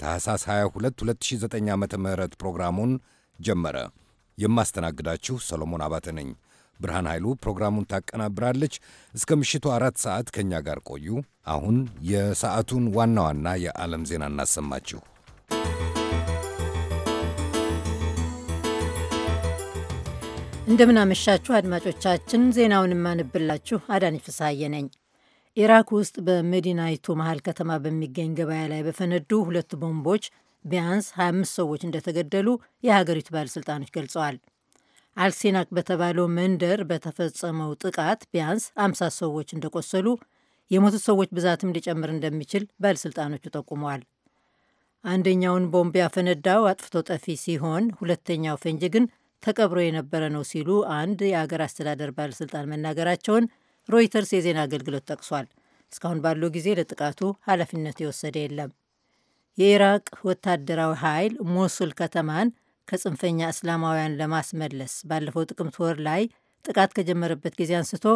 ታህሳስ 22 2009 ዓ ም ፕሮግራሙን ጀመረ። የማስተናግዳችሁ ሰሎሞን አባተ ነኝ። ብርሃን ኃይሉ ፕሮግራሙን ታቀናብራለች። እስከ ምሽቱ አራት ሰዓት ከእኛ ጋር ቆዩ። አሁን የሰዓቱን ዋና ዋና የዓለም ዜና እናሰማችሁ። እንደምናመሻችሁ አድማጮቻችን፣ ዜናውን የማንብላችሁ አዳነች ፍስሐዬ ነኝ። ኢራክ ውስጥ በመዲናይቱ መሀል ከተማ በሚገኝ ገበያ ላይ በፈነዱ ሁለት ቦምቦች ቢያንስ 25 ሰዎች እንደተገደሉ የሀገሪቱ ባለሥልጣኖች ገልጸዋል። አልሲናክ በተባለው መንደር በተፈጸመው ጥቃት ቢያንስ 50 ሰዎች እንደቆሰሉ፣ የሞቱት ሰዎች ብዛትም ሊጨምር እንደሚችል ባለሥልጣኖቹ ጠቁመዋል። አንደኛውን ቦምብ ያፈነዳው አጥፍቶ ጠፊ ሲሆን ሁለተኛው ፈንጂ ግን ተቀብሮ የነበረ ነው ሲሉ አንድ የአገር አስተዳደር ባለሥልጣን መናገራቸውን ሮይተርስ የዜና አገልግሎት ጠቅሷል። እስካሁን ባለው ጊዜ ለጥቃቱ ኃላፊነት የወሰደ የለም። የኢራቅ ወታደራዊ ኃይል ሞሱል ከተማን ከጽንፈኛ እስላማውያን ለማስመለስ ባለፈው ጥቅምት ወር ላይ ጥቃት ከጀመረበት ጊዜ አንስቶ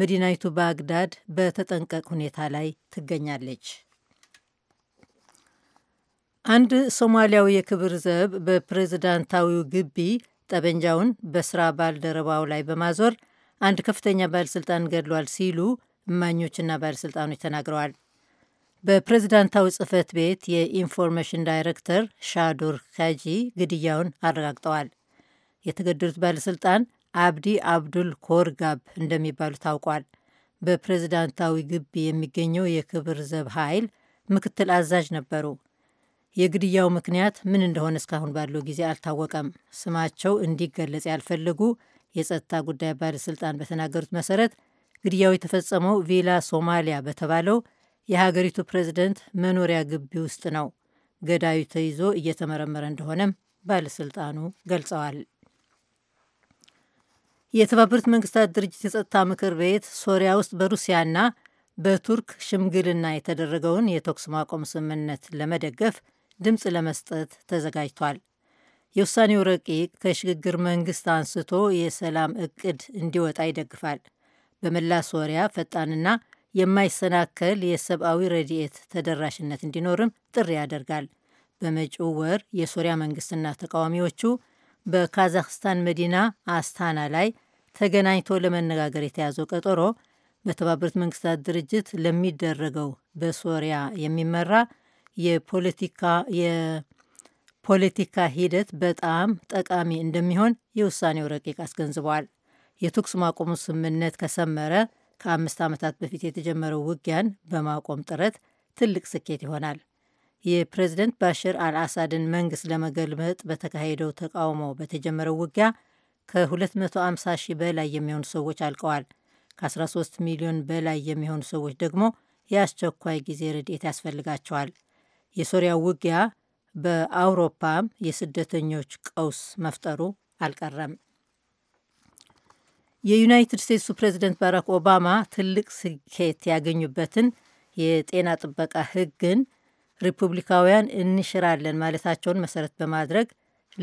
መዲናይቱ ባግዳድ በተጠንቀቅ ሁኔታ ላይ ትገኛለች። አንድ ሶማሊያዊ የክብር ዘብ በፕሬዝዳንታዊው ግቢ ጠበንጃውን በስራ ባልደረባው ላይ በማዞር አንድ ከፍተኛ ባለሥልጣን ገድሏል ሲሉ እማኞችና ባለሥልጣኖች ተናግረዋል። በፕሬዝዳንታዊ ጽህፈት ቤት የኢንፎርሜሽን ዳይሬክተር ሻዶር ካጂ ግድያውን አረጋግጠዋል። የተገደሉት ባለሥልጣን አብዲ አብዱል ኮርጋብ እንደሚባሉ ታውቋል። በፕሬዝዳንታዊ ግቢ የሚገኘው የክብር ዘብ ኃይል ምክትል አዛዥ ነበሩ። የግድያው ምክንያት ምን እንደሆነ እስካሁን ባለው ጊዜ አልታወቀም። ስማቸው እንዲገለጽ ያልፈለጉ የጸጥታ ጉዳይ ባለሥልጣን በተናገሩት መሰረት ግድያው የተፈጸመው ቪላ ሶማሊያ በተባለው የሀገሪቱ ፕሬዚደንት መኖሪያ ግቢ ውስጥ ነው። ገዳዩ ተይዞ እየተመረመረ እንደሆነም ባለሥልጣኑ ገልጸዋል። የተባበሩት መንግስታት ድርጅት የጸጥታ ምክር ቤት ሶሪያ ውስጥ በሩሲያና በቱርክ ሽምግልና የተደረገውን የተኩስ ማቆም ስምምነት ለመደገፍ ድምፅ ለመስጠት ተዘጋጅቷል። የውሳኔው ረቂቅ ከሽግግር መንግስት አንስቶ የሰላም እቅድ እንዲወጣ ይደግፋል። በመላ ሶሪያ ፈጣንና የማይሰናከል የሰብአዊ ረድኤት ተደራሽነት እንዲኖርም ጥሪ ያደርጋል። በመጪው ወር የሶሪያ መንግስትና ተቃዋሚዎቹ በካዛክስታን መዲና አስታና ላይ ተገናኝቶ ለመነጋገር የተያዘው ቀጠሮ በተባበሩት መንግስታት ድርጅት ለሚደረገው በሶሪያ የሚመራ የፖለቲካ ፖለቲካ ሂደት በጣም ጠቃሚ እንደሚሆን የውሳኔው ረቂቅ አስገንዝቧል። የተኩስ ማቆሙ ስምምነት ከሰመረ ከአምስት ዓመታት በፊት የተጀመረው ውጊያን በማቆም ጥረት ትልቅ ስኬት ይሆናል። የፕሬዝደንት ባሽር አልአሳድን መንግስት ለመገልመጥ በተካሄደው ተቃውሞ በተጀመረው ውጊያ ከ250 ሺህ በላይ የሚሆኑ ሰዎች አልቀዋል። ከ13 ሚሊዮን በላይ የሚሆኑ ሰዎች ደግሞ የአስቸኳይ ጊዜ ረድኤት ያስፈልጋቸዋል። የሶሪያ ውጊያ በአውሮፓም የስደተኞች ቀውስ መፍጠሩ አልቀረም። የዩናይትድ ስቴትሱ ፕሬዚደንት ባራክ ኦባማ ትልቅ ስኬት ያገኙበትን የጤና ጥበቃ ሕግን ሪፑብሊካውያን እንሽራለን ማለታቸውን መሰረት በማድረግ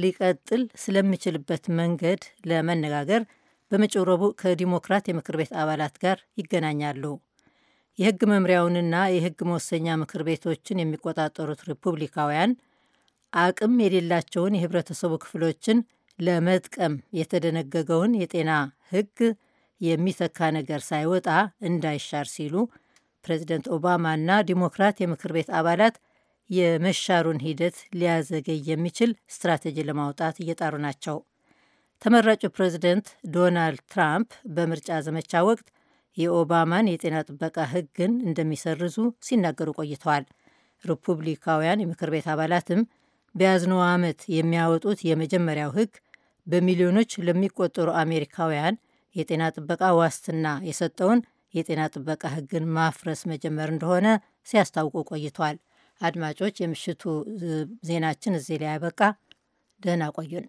ሊቀጥል ስለሚችልበት መንገድ ለመነጋገር በመጪው ረቡዕ ከዲሞክራት የምክር ቤት አባላት ጋር ይገናኛሉ። የህግ መምሪያውንና የህግ መወሰኛ ምክር ቤቶችን የሚቆጣጠሩት ሪፑብሊካውያን አቅም የሌላቸውን የህብረተሰቡ ክፍሎችን ለመጥቀም የተደነገገውን የጤና ህግ የሚተካ ነገር ሳይወጣ እንዳይሻር ሲሉ ፕሬዚደንት ኦባማና ዲሞክራት የምክር ቤት አባላት የመሻሩን ሂደት ሊያዘገይ የሚችል ስትራቴጂ ለማውጣት እየጣሩ ናቸው። ተመራጩ ፕሬዚደንት ዶናልድ ትራምፕ በምርጫ ዘመቻ ወቅት የኦባማን የጤና ጥበቃ ህግን እንደሚሰርዙ ሲናገሩ ቆይተዋል። ሪፑብሊካውያን የምክር ቤት አባላትም በያዝነው ዓመት የሚያወጡት የመጀመሪያው ህግ በሚሊዮኖች ለሚቆጠሩ አሜሪካውያን የጤና ጥበቃ ዋስትና የሰጠውን የጤና ጥበቃ ህግን ማፍረስ መጀመር እንደሆነ ሲያስታውቁ ቆይቷል። አድማጮች፣ የምሽቱ ዜናችን እዚህ ላይ ያበቃ። ደህና ቆዩን።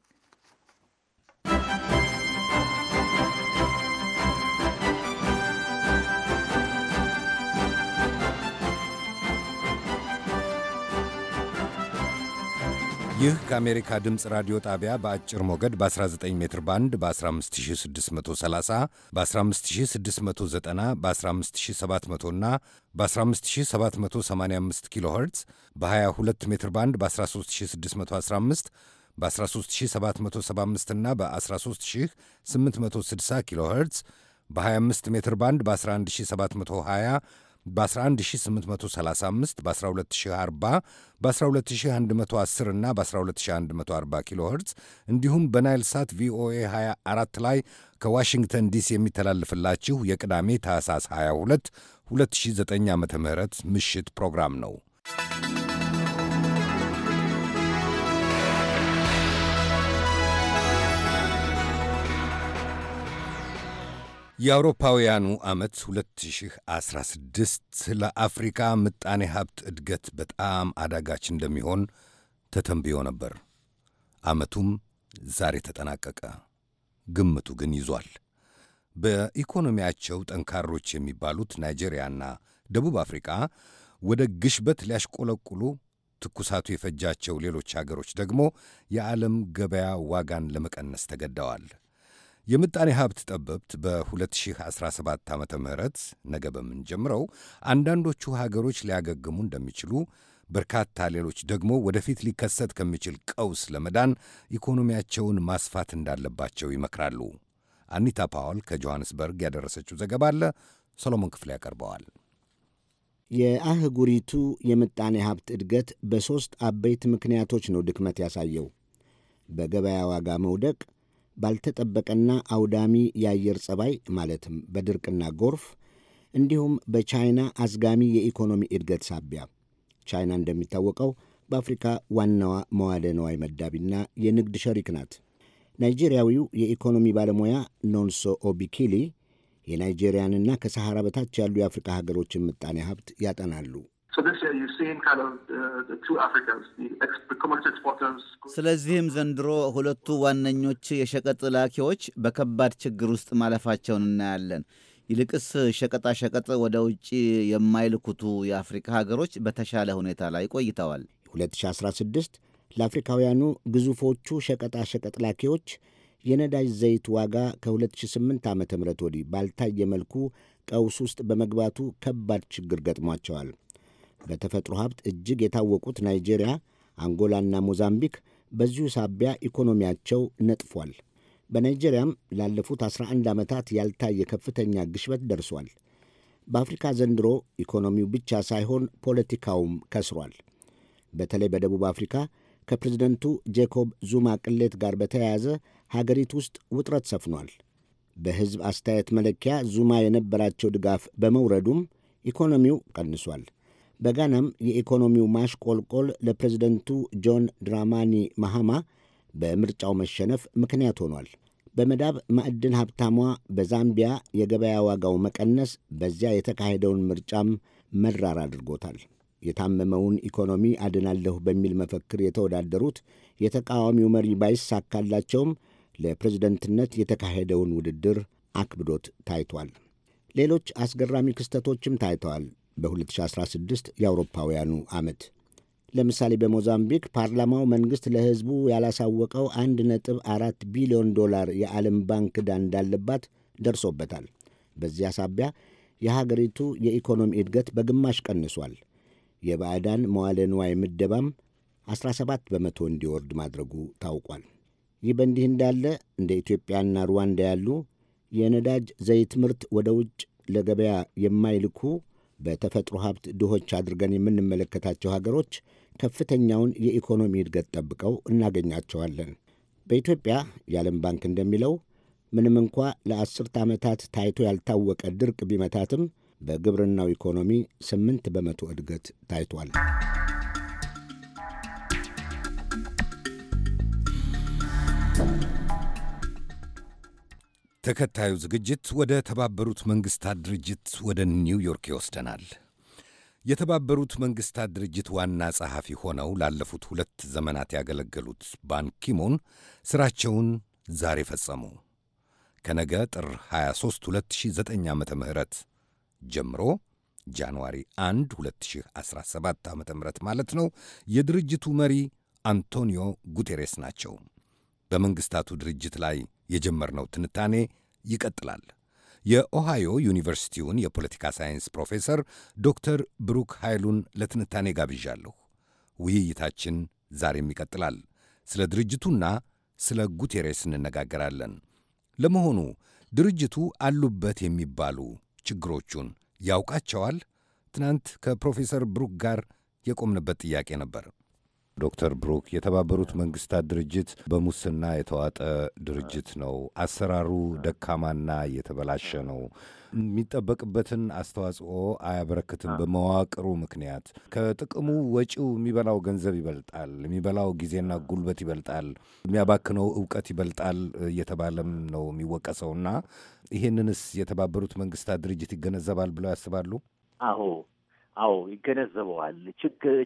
ይህ ከአሜሪካ ድምፅ ራዲዮ ጣቢያ በአጭር ሞገድ በ19 ሜትር ባንድ በ15630 በ15690 በ15700 እና በ15785 ኪሎ ኸርትዝ በ22 ሜትር ባንድ በ13615 በ13775 እና በ13860 ኪሎ ኸርትዝ በ25 ሜትር ባንድ በ11720 በ11835 በ12040 በ12110 እና በ12140 ኪሎ ኸርትዝ እንዲሁም በናይል ሳት ቪኦኤ 24 ላይ ከዋሽንግተን ዲሲ የሚተላልፍላችሁ የቅዳሜ ታህሳስ 22 2009 ዓ ም ምሽት ፕሮግራም ነው። የአውሮፓውያኑ ዓመት 2016 ለአፍሪካ ምጣኔ ሀብት እድገት በጣም አዳጋች እንደሚሆን ተተንብዮ ነበር። ዓመቱም ዛሬ ተጠናቀቀ። ግምቱ ግን ይዟል። በኢኮኖሚያቸው ጠንካሮች የሚባሉት ናይጄሪያና ደቡብ አፍሪካ ወደ ግሽበት ሊያሽቆለቁሉ ትኩሳቱ የፈጃቸው ሌሎች አገሮች ደግሞ የዓለም ገበያ ዋጋን ለመቀነስ ተገደዋል። የምጣኔ ሀብት ጠበብት በ2017 ዓ ም ነገ በምንጀምረው አንዳንዶቹ ሀገሮች ሊያገግሙ እንደሚችሉ በርካታ ሌሎች ደግሞ ወደፊት ሊከሰት ከሚችል ቀውስ ለመዳን ኢኮኖሚያቸውን ማስፋት እንዳለባቸው ይመክራሉ። አኒታ ፓውል ከጆሐንስበርግ ያደረሰችው ዘገባ አለ። ሰሎሞን ክፍሌ ያቀርበዋል። የአህጉሪቱ የምጣኔ ሀብት እድገት በሦስት አበይት ምክንያቶች ነው ድክመት ያሳየው። በገበያ ዋጋ መውደቅ፣ ባልተጠበቀና አውዳሚ የአየር ጸባይ ማለትም በድርቅና ጎርፍ እንዲሁም በቻይና አዝጋሚ የኢኮኖሚ እድገት ሳቢያ ቻይና እንደሚታወቀው በአፍሪካ ዋናዋ መዋለ ነዋይ መዳቢና የንግድ ሸሪክ ናት። ናይጄሪያዊው የኢኮኖሚ ባለሙያ ኖንሶ ኦቢኪሊ የናይጄሪያንና ከሰሐራ በታች ያሉ የአፍሪካ ሀገሮችን ምጣኔ ሀብት ያጠናሉ። ስለዚህም ዘንድሮ ሁለቱ ዋነኞች የሸቀጥ ላኪዎች በከባድ ችግር ውስጥ ማለፋቸውን እናያለን። ይልቅስ ሸቀጣሸቀጥ ወደ ውጭ የማይልኩቱ የአፍሪካ ሀገሮች በተሻለ ሁኔታ ላይ ቆይተዋል። 2016 ለአፍሪካውያኑ ግዙፎቹ ሸቀጣሸቀጥ ላኪዎች የነዳጅ ዘይት ዋጋ ከ2008 ዓ ም ወዲህ ባልታየ መልኩ ቀውስ ውስጥ በመግባቱ ከባድ ችግር ገጥሟቸዋል። በተፈጥሮ ሀብት እጅግ የታወቁት ናይጄሪያ፣ አንጎላና ሞዛምቢክ በዚሁ ሳቢያ ኢኮኖሚያቸው ነጥፏል። በናይጄሪያም ላለፉት 11 ዓመታት ያልታየ ከፍተኛ ግሽበት ደርሷል። በአፍሪካ ዘንድሮ ኢኮኖሚው ብቻ ሳይሆን ፖለቲካውም ከስሯል። በተለይ በደቡብ አፍሪካ ከፕሬዝደንቱ ጄኮብ ዙማ ቅሌት ጋር በተያያዘ ሀገሪቱ ውስጥ ውጥረት ሰፍኗል። በሕዝብ አስተያየት መለኪያ ዙማ የነበራቸው ድጋፍ በመውረዱም ኢኮኖሚው ቀንሷል። በጋናም የኢኮኖሚው ማሽቆልቆል ለፕሬዝደንቱ ጆን ድራማኒ ማሃማ በምርጫው መሸነፍ ምክንያት ሆኗል። በመዳብ ማዕድን ሀብታሟ በዛምቢያ የገበያ ዋጋው መቀነስ በዚያ የተካሄደውን ምርጫም መራር አድርጎታል። የታመመውን ኢኮኖሚ አድናለሁ በሚል መፈክር የተወዳደሩት የተቃዋሚው መሪ ባይሳካላቸውም ለፕሬዝደንትነት የተካሄደውን ውድድር አክብዶት ታይቷል። ሌሎች አስገራሚ ክስተቶችም ታይተዋል። በ2016 የአውሮፓውያኑ ዓመት ለምሳሌ በሞዛምቢክ ፓርላማው መንግሥት ለሕዝቡ ያላሳወቀው 1.4 ቢሊዮን ዶላር የዓለም ባንክ ዕዳ እንዳለባት ደርሶበታል። በዚያ ሳቢያ የሀገሪቱ የኢኮኖሚ እድገት በግማሽ ቀንሷል። የባዕዳን መዋለ ንዋይ ምደባም 17 በመቶ እንዲወርድ ማድረጉ ታውቋል። ይህ በእንዲህ እንዳለ እንደ ኢትዮጵያና ሩዋንዳ ያሉ የነዳጅ ዘይት ምርት ወደ ውጭ ለገበያ የማይልኩ በተፈጥሮ ሀብት ድሆች አድርገን የምንመለከታቸው ሀገሮች ከፍተኛውን የኢኮኖሚ እድገት ጠብቀው እናገኛቸዋለን። በኢትዮጵያ የዓለም ባንክ እንደሚለው ምንም እንኳ ለአስርተ ዓመታት ታይቶ ያልታወቀ ድርቅ ቢመታትም በግብርናው ኢኮኖሚ ስምንት በመቶ እድገት ታይቷል። ተከታዩ ዝግጅት ወደ ተባበሩት መንግስታት ድርጅት ወደ ኒውዮርክ ይወስደናል። የተባበሩት መንግስታት ድርጅት ዋና ጸሐፊ ሆነው ላለፉት ሁለት ዘመናት ያገለገሉት ባንኪሙን ሥራቸውን ዛሬ ፈጸሙ። ከነገ ጥር 23 2009 ዓመተ ጀምሮ ጃንዋሪ 1 2017 ዓ ምህረት ማለት ነው የድርጅቱ መሪ አንቶኒዮ ጉቴሬስ ናቸው። በመንግሥታቱ ድርጅት ላይ የጀመርነው ትንታኔ ይቀጥላል። የኦሃዮ ዩኒቨርሲቲውን የፖለቲካ ሳይንስ ፕሮፌሰር ዶክተር ብሩክ ኃይሉን ለትንታኔ ጋብዣለሁ። ውይይታችን ዛሬም ይቀጥላል። ስለ ድርጅቱና ስለ ጉቴሬስ እንነጋገራለን። ለመሆኑ ድርጅቱ አሉበት የሚባሉ ችግሮቹን ያውቃቸዋል? ትናንት ከፕሮፌሰር ብሩክ ጋር የቆምንበት ጥያቄ ነበር። ዶክተር ብሩክ የተባበሩት መንግስታት ድርጅት በሙስና የተዋጠ ድርጅት ነው። አሰራሩ ደካማና የተበላሸ ነው። የሚጠበቅበትን አስተዋጽኦ አያበረክትም። በመዋቅሩ ምክንያት ከጥቅሙ ወጪው የሚበላው ገንዘብ ይበልጣል፣ የሚበላው ጊዜና ጉልበት ይበልጣል፣ የሚያባክነው እውቀት ይበልጣል እየተባለም ነው የሚወቀሰውና ይህንንስ የተባበሩት መንግስታት ድርጅት ይገነዘባል ብለው ያስባሉ? አዎ አዎ ይገነዘበዋል።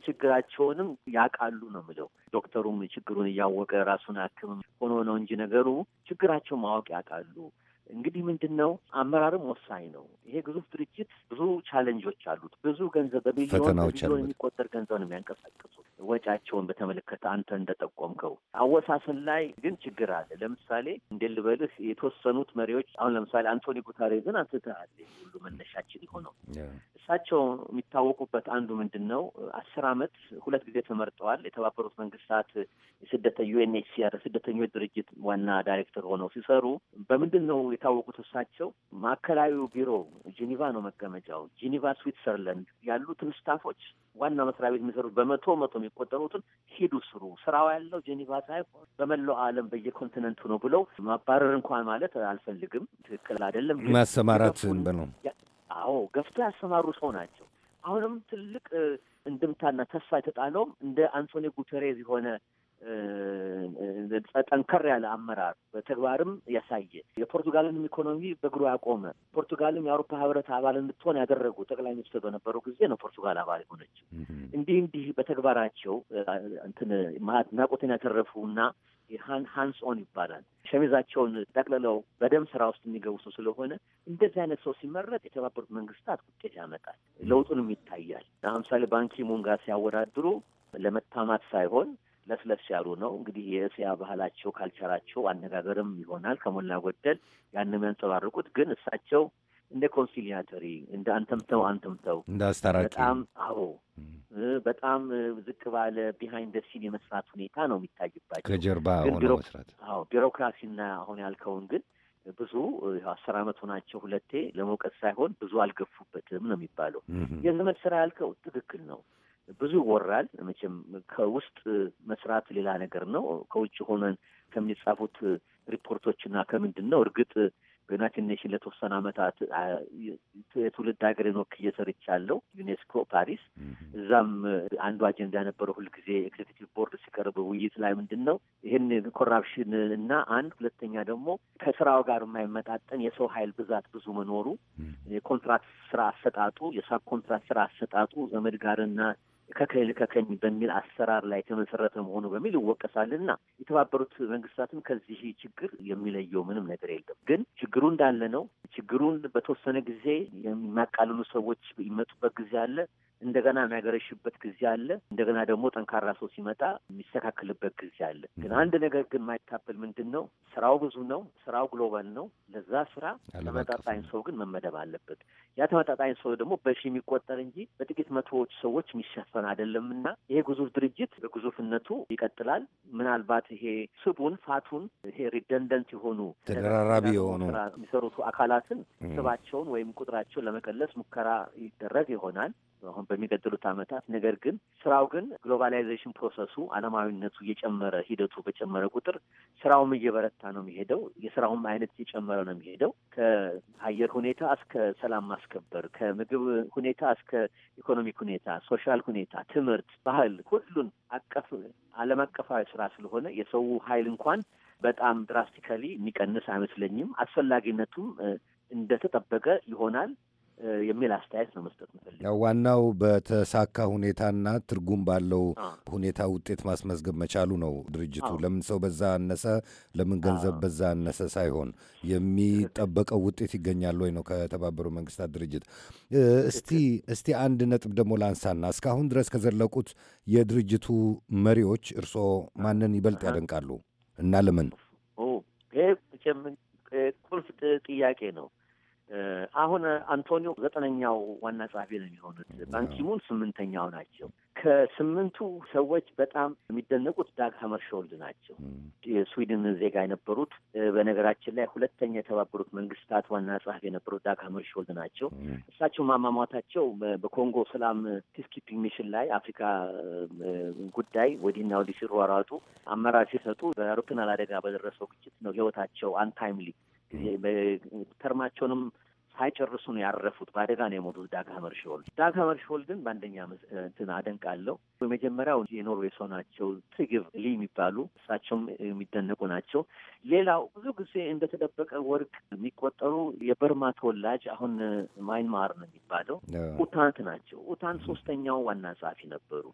ችግራቸውንም ያውቃሉ ነው የምለው። ዶክተሩም ችግሩን እያወቀ ራሱን ሐኪም ሆኖ ነው እንጂ ነገሩ ችግራቸው ማወቅ ያውቃሉ። እንግዲህ ምንድን ነው አመራርም ወሳኝ ነው። ይሄ ግዙፍ ድርጅት ብዙ ቻለንጆች አሉት። ብዙ ገንዘብ በሚሊዮን የሚቆጠር ገንዘብ ነው የሚያንቀሳቅሱት። ወጫቸውን በተመለከተ አንተ እንደጠቆምከው አወሳሰን ላይ ግን ችግር አለ። ለምሳሌ እንዴት ልበልህ የተወሰኑት መሪዎች አሁን ለምሳሌ አንቶኒ ጉታሬዝን አንስተሃል። ሁሉ መነሻችን የሆነው እሳቸው የሚታወቁበት አንዱ ምንድን ነው አስር አመት ሁለት ጊዜ ተመርጠዋል። የተባበሩት መንግስታት የስደተ ዩኤንኤችሲአር ስደተኞች ድርጅት ዋና ዳይሬክተር ሆነው ሲሰሩ በምንድን ነው የታወቁት እሳቸው ማዕከላዊው ቢሮ ጂኒቫ ነው መቀመጫው፣ ጂኒቫ ስዊትዘርላንድ ያሉትን ስታፎች ዋና መስሪያ ቤት የሚሰሩት በመቶ መቶ የሚቆጠሩትን ሂዱ ስሩ፣ ስራው ያለው ጄኔቫ ሳይሆን በመላው ዓለም በየኮንቲነንቱ ነው ብለው ማባረር እንኳን ማለት አልፈልግም፣ ትክክል አይደለም። ማሰማራት ነው። አዎ ገፍቶ ያሰማሩ ሰው ናቸው። አሁንም ትልቅ እንድምታና ተስፋ የተጣለውም እንደ አንቶኒ ጉተሬዝ የሆነ ጠንከር ያለ አመራር በተግባርም ያሳየ የፖርቱጋልንም ኢኮኖሚ በእግሩ ያቆመ ፖርቱጋልም የአውሮፓ ህብረት አባል እንድትሆን ያደረጉ ጠቅላይ ሚኒስትር በነበረው ጊዜ ነው ፖርቱጋል አባል የሆነች። እንዲህ እንዲህ በተግባራቸው እንትን አድናቆትን ያተረፉ እና ሃንስ ኦን ይባላል ሸሚዛቸውን ጠቅልለው በደም ስራ ውስጥ የሚገቡ ሰው ስለሆነ እንደዚህ አይነት ሰው ሲመረጥ የተባበሩት መንግስታት ውጤት ያመጣል፣ ለውጡንም ይታያል። ለምሳሌ ባንኪሙን ጋር ሲያወዳድሩ ለመታማት ሳይሆን ለስለስ ያሉ ነው። እንግዲህ የእስያ ባህላቸው ካልቸራቸው አነጋገርም ይሆናል ከሞላ ጎደል ያን የሚያንጸባርቁት ግን እሳቸው እንደ ኮንሲሊያተሪ እንደ አንተምተው አንተምተው እንደ አስታራቂ በጣም አዎ፣ በጣም ዝቅ ባለ ቢሃይንድ ሲን የመስራት ሁኔታ ነው የሚታይባቸው ከጀርባ ሆነ መስራት። አዎ ቢሮክራሲና አሁን ያልከውን ግን ብዙ አስር አመት ሆናቸው ሁለቴ ለመውቀት ሳይሆን ብዙ አልገፉበትም ነው የሚባለው። የዘመድ ስራ ያልከው ትክክል ነው። ብዙ ይወራል። መቼም ከውስጥ መስራት ሌላ ነገር ነው። ከውጭ ሆነን ከሚጻፉት ሪፖርቶችና ከምንድን ነው እርግጥ በዩናይትድ ኔሽን ለተወሰነ ዓመታት የትውልድ ሀገሬን ወክዬ ሰርቻለሁ። ዩኔስኮ ፓሪስ፣ እዛም አንዱ አጀንዳ የነበረው ሁልጊዜ ኤግዜክቲቭ ቦርድ ሲቀርብ ውይይት ላይ ምንድን ነው ይህን ኮራፕሽን እና አንድ ሁለተኛ ደግሞ ከስራው ጋር የማይመጣጠን የሰው ኃይል ብዛት ብዙ መኖሩ፣ የኮንትራክት ስራ አሰጣጡ፣ የሳብ ኮንትራክት ስራ አሰጣጡ ዘመድ ጋርና ከክልል ከከኝ በሚል አሰራር ላይ የተመሰረተ መሆኑ በሚል ይወቀሳል እና የተባበሩት መንግስታትም ከዚህ ችግር የሚለየው ምንም ነገር የለም። ግን ችግሩ እንዳለ ነው። ችግሩን በተወሰነ ጊዜ የሚያቃልሉ ሰዎች ይመጡበት ጊዜ አለ። እንደገና የሚያገረሽበት ጊዜ አለ። እንደገና ደግሞ ጠንካራ ሰው ሲመጣ የሚስተካከልበት ጊዜ አለ። ግን አንድ ነገር ግን የማይታበል ምንድን ነው? ስራው ብዙ ነው። ስራው ግሎባል ነው። ለዛ ስራ ተመጣጣኝ ሰው ግን መመደብ አለበት። ያ ተመጣጣኝ ሰው ደግሞ በሺ የሚቆጠር እንጂ በጥቂት መቶዎች ሰዎች የሚሸፈን አይደለም እና ይሄ ግዙፍ ድርጅት በግዙፍነቱ ይቀጥላል። ምናልባት ይሄ ስቡን ፋቱን ይሄ ሪደንደንት የሆኑ ተደራራቢ የሆኑ የሚሰሩት አካላትን ስባቸውን ወይም ቁጥራቸውን ለመቀለስ ሙከራ ይደረግ ይሆናል። አሁን በሚቀጥሉት ዓመታት። ነገር ግን ስራው ግን ግሎባላይዜሽን ፕሮሰሱ አለማዊነቱ እየጨመረ ሂደቱ በጨመረ ቁጥር ስራውም እየበረታ ነው የሚሄደው። የስራውም አይነት እየጨመረ ነው የሚሄደው ከአየር ሁኔታ እስከ ሰላም ማስከበር፣ ከምግብ ሁኔታ እስከ ኢኮኖሚክ ሁኔታ፣ ሶሻል ሁኔታ፣ ትምህርት፣ ባህል፣ ሁሉን አቀፍ አለም አቀፋዊ ስራ ስለሆነ የሰው ኃይል እንኳን በጣም ድራስቲካሊ የሚቀንስ አይመስለኝም። አስፈላጊነቱም እንደተጠበቀ ይሆናል። የሚል አስተያየት ነው መስጠት ምፈልግ። ዋናው በተሳካ ሁኔታና ትርጉም ባለው ሁኔታ ውጤት ማስመዝገብ መቻሉ ነው። ድርጅቱ ለምን ሰው በዛ አነሰ፣ ለምን ገንዘብ በዛ አነሰ ሳይሆን የሚጠበቀው ውጤት ይገኛል ወይ ነው ከተባበሩ መንግስታት ድርጅት። እስቲ እስቲ አንድ ነጥብ ደግሞ ላንሳና እስካሁን ድረስ ከዘለቁት የድርጅቱ መሪዎች እርስዎ ማንን ይበልጥ ያደንቃሉ እና ለምን? ይሄ ቁልፍ ጥያቄ ነው። አሁን አንቶኒዮ ዘጠነኛው ዋና ጸሐፊ ነው የሚሆኑት። ባንኪሙን ስምንተኛው ናቸው። ከስምንቱ ሰዎች በጣም የሚደነቁት ዳግ ሀመርሾልድ ናቸው። የስዊድን ዜጋ የነበሩት በነገራችን ላይ ሁለተኛ የተባበሩት መንግስታት ዋና ጸሐፊ የነበሩት ዳግ ሀመርሾልድ ናቸው። እሳቸው ማማሟታቸው በኮንጎ ሰላም ፒስኪፒንግ ሚሽን ላይ አፍሪካ ጉዳይ ወዲህና ወዲህ ሲሯሯጡ አመራር ሲሰጡ በአውሮፕላን አደጋ በደረሰው ግጭት ነው ህይወታቸው አንታይምሊ ተርማቸውንም ሳይጨርሱ ነው ያረፉት። በአደጋ ነው የሞቱት። ዳግ ሀመርሾልድ ዳግ ሀመርሾልድን በአንደኛ እንትን አደንቃለሁ። የመጀመሪያው የኖርዌይ ሰው ናቸው፣ ትግብ ሊ የሚባሉ እሳቸውም የሚደነቁ ናቸው። ሌላው ብዙ ጊዜ እንደተደበቀ ወርቅ የሚቆጠሩ የበርማ ተወላጅ አሁን ማይንማር ነው የሚባለው ኡታንት ናቸው። ኡታንት ሶስተኛው ዋና ጸሐፊ ነበሩ።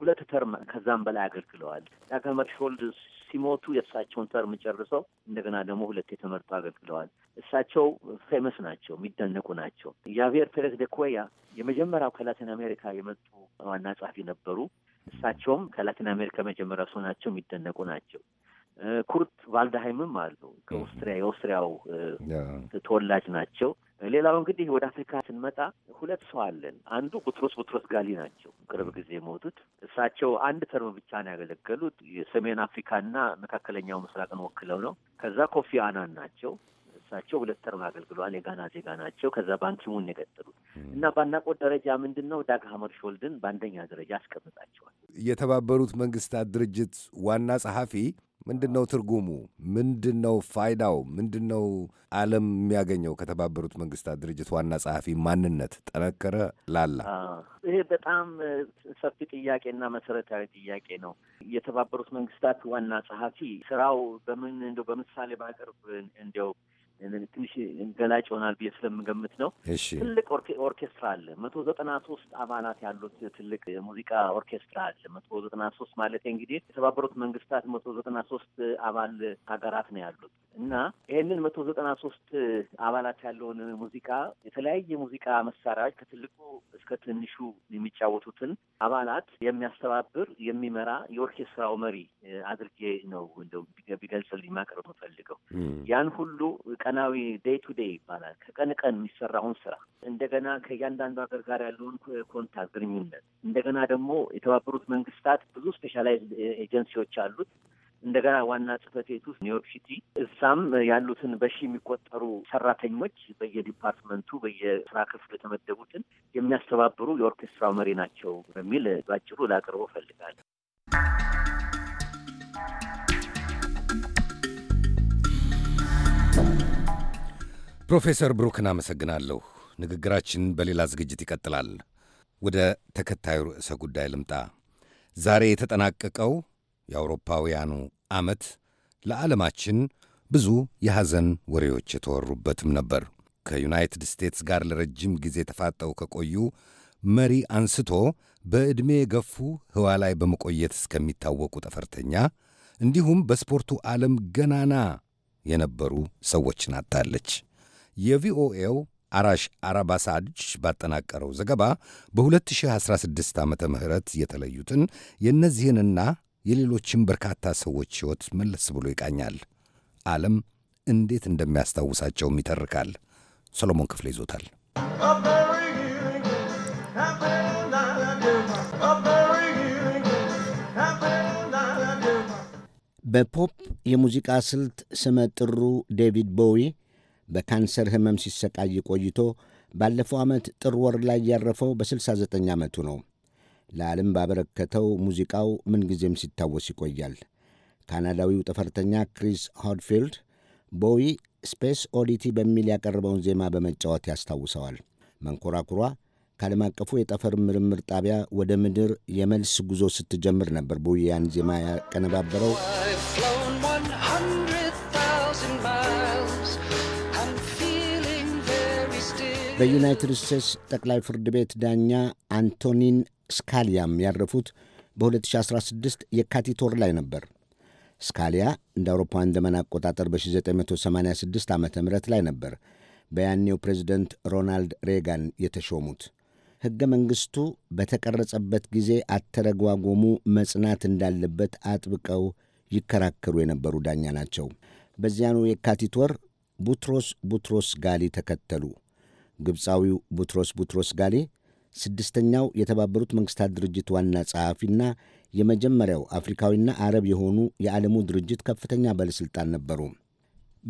ሁለት ተርማ ከዛም በላይ አገልግለዋል። ዳግ ሀመርሾልድ ሲሞቱ የእሳቸውን ተርም ጨርሰው እንደገና ደግሞ ሁለቴ ተመርጦ አገልግለዋል። እሳቸው ፌመስ ናቸው፣ የሚደነቁ ናቸው። ያቪየር ፔሬዝ ደ ኩዌያ የመጀመሪያው ከላቲን አሜሪካ የመጡ ዋና ጸሐፊ ነበሩ። እሳቸውም ከላቲን አሜሪካ መጀመሪያ ሰው ናቸው፣ የሚደነቁ ናቸው። ኩርት ቫልደሃይምም አሉ። ከኦስትሪያ የኦስትሪያው ተወላጅ ናቸው። ሌላው እንግዲህ ወደ አፍሪካ ስንመጣ ሁለት ሰው አለን። አንዱ ቡትሮስ ቡትሮስ ጋሊ ናቸው፣ ቅርብ ጊዜ የሞቱት እሳቸው አንድ ተርም ብቻ ነው ያገለገሉት። የሰሜን አፍሪካና መካከለኛው ምስራቅን ወክለው ነው። ከዛ ኮፊ አናን ናቸው። እሳቸው ሁለት ተርም አገልግለዋል። የጋና ዜጋ ናቸው። ከዛ ባንኪሙን የቀጠሉት እና በአድናቆት ደረጃ ምንድን ነው ዳግ ሀመርሾልድን በአንደኛ ደረጃ አስቀምጣቸዋል። የተባበሩት መንግስታት ድርጅት ዋና ጸሐፊ ምንድን ነው ትርጉሙ? ምንድን ነው ፋይዳው? ምንድን ነው ዓለም የሚያገኘው ከተባበሩት መንግስታት ድርጅት ዋና ጸሐፊ ማንነት? ጠነከረ ላላ፣ ይሄ በጣም ሰፊ ጥያቄና መሰረታዊ ጥያቄ ነው። የተባበሩት መንግስታት ዋና ጸሐፊ ስራው በምን እንደው በምሳሌ ባቅርብ እንዲያው ትንሽ ገላጭ ይሆናል ብዬ ስለምገምት ነው። ትልቅ ኦርኬስትራ አለ። መቶ ዘጠና ሶስት አባላት ያሉት ትልቅ የሙዚቃ ኦርኬስትራ አለ። መቶ ዘጠና ሶስት ማለት እንግዲህ የተባበሩት መንግስታት መቶ ዘጠና ሶስት አባል ሀገራት ነው ያሉት እና ይህንን መቶ ዘጠና ሶስት አባላት ያለውን ሙዚቃ የተለያየ ሙዚቃ መሳሪያዎች ከትልቁ እስከ ትንሹ የሚጫወቱትን አባላት የሚያስተባብር የሚመራ የኦርኬስትራው መሪ አድርጌ ነው እንደው ቢገልጽልኝ ማቅረብ ፈልገው ያን ሁሉ ቀናዊ ዴይ ቱ ዴይ ይባላል። ከቀን ቀን የሚሰራውን ስራ እንደገና ከእያንዳንዱ ሀገር ጋር ያለውን ኮንታክት ግንኙነት፣ እንደገና ደግሞ የተባበሩት መንግስታት ብዙ ስፔሻላይዝድ ኤጀንሲዎች አሉት። እንደገና ዋና ጽህፈት ቤት ውስጥ ኒውዮርክ ሲቲ፣ እዛም ያሉትን በሺ የሚቆጠሩ ሰራተኞች በየዲፓርትመንቱ በየስራ ክፍሉ የተመደቡትን የሚያስተባብሩ የኦርኬስትራው መሪ ናቸው በሚል ባጭሩ ላቅርቦ ፈልጋለሁ። ፕሮፌሰር ብሩክን አመሰግናለሁ። ንግግራችን በሌላ ዝግጅት ይቀጥላል። ወደ ተከታዩ ርዕሰ ጉዳይ ልምጣ። ዛሬ የተጠናቀቀው የአውሮፓውያኑ ዓመት ለዓለማችን ብዙ የሐዘን ወሬዎች የተወሩበትም ነበር። ከዩናይትድ ስቴትስ ጋር ለረጅም ጊዜ ተፋጠው ከቆዩ መሪ አንስቶ በዕድሜ የገፉ ሕዋ ላይ በመቆየት እስከሚታወቁ ጠፈርተኛ እንዲሁም በስፖርቱ ዓለም ገናና የነበሩ ሰዎችን አጣለች። የቪኦኤው አራሽ አራባሳጅ ባጠናቀረው ዘገባ በ2016 ዓመተ ምህረት የተለዩትን የእነዚህንና የሌሎችም በርካታ ሰዎች ሕይወት መለስ ብሎ ይቃኛል። ዓለም እንዴት እንደሚያስታውሳቸውም ይተርካል። ሰሎሞን ክፍለ ይዞታል። በፖፕ የሙዚቃ ስልት ስመጥሩ ዴቪድ ቦዊ በካንሰር ህመም ሲሰቃይ ቆይቶ ባለፈው ዓመት ጥር ወር ላይ ያረፈው በ69 ዓመቱ ነው። ለዓለም ባበረከተው ሙዚቃው ምንጊዜም ሲታወስ ይቆያል። ካናዳዊው ጠፈርተኛ ክሪስ ሆድፊልድ ቦዊ ስፔስ ኦዲቲ በሚል ያቀረበውን ዜማ በመጫወት ያስታውሰዋል። መንኮራኩሯ ከዓለም አቀፉ የጠፈር ምርምር ጣቢያ ወደ ምድር የመልስ ጉዞ ስትጀምር ነበር ቦዊ ያን ዜማ ያቀነባበረው። በዩናይትድ ስቴትስ ጠቅላይ ፍርድ ቤት ዳኛ አንቶኒን ስካሊያም ያረፉት በ2016 የካቲት ወር ላይ ነበር። ስካሊያ እንደ አውሮፓውያን ዘመን አቆጣጠር በ1986 ዓ ም ላይ ነበር በያኔው ፕሬዚደንት ሮናልድ ሬጋን የተሾሙት። ሕገ መንግሥቱ በተቀረጸበት ጊዜ አተረጓጎሙ መጽናት እንዳለበት አጥብቀው ይከራከሩ የነበሩ ዳኛ ናቸው። በዚያኑ የካቲት ወር ቡትሮስ ቡትሮስ ጋሊ ተከተሉ። ግብፃዊው ቡትሮስ ቡትሮስ ጋሌ ስድስተኛው የተባበሩት መንግሥታት ድርጅት ዋና ጸሐፊና የመጀመሪያው አፍሪካዊና አረብ የሆኑ የዓለሙ ድርጅት ከፍተኛ ባለሥልጣን ነበሩ።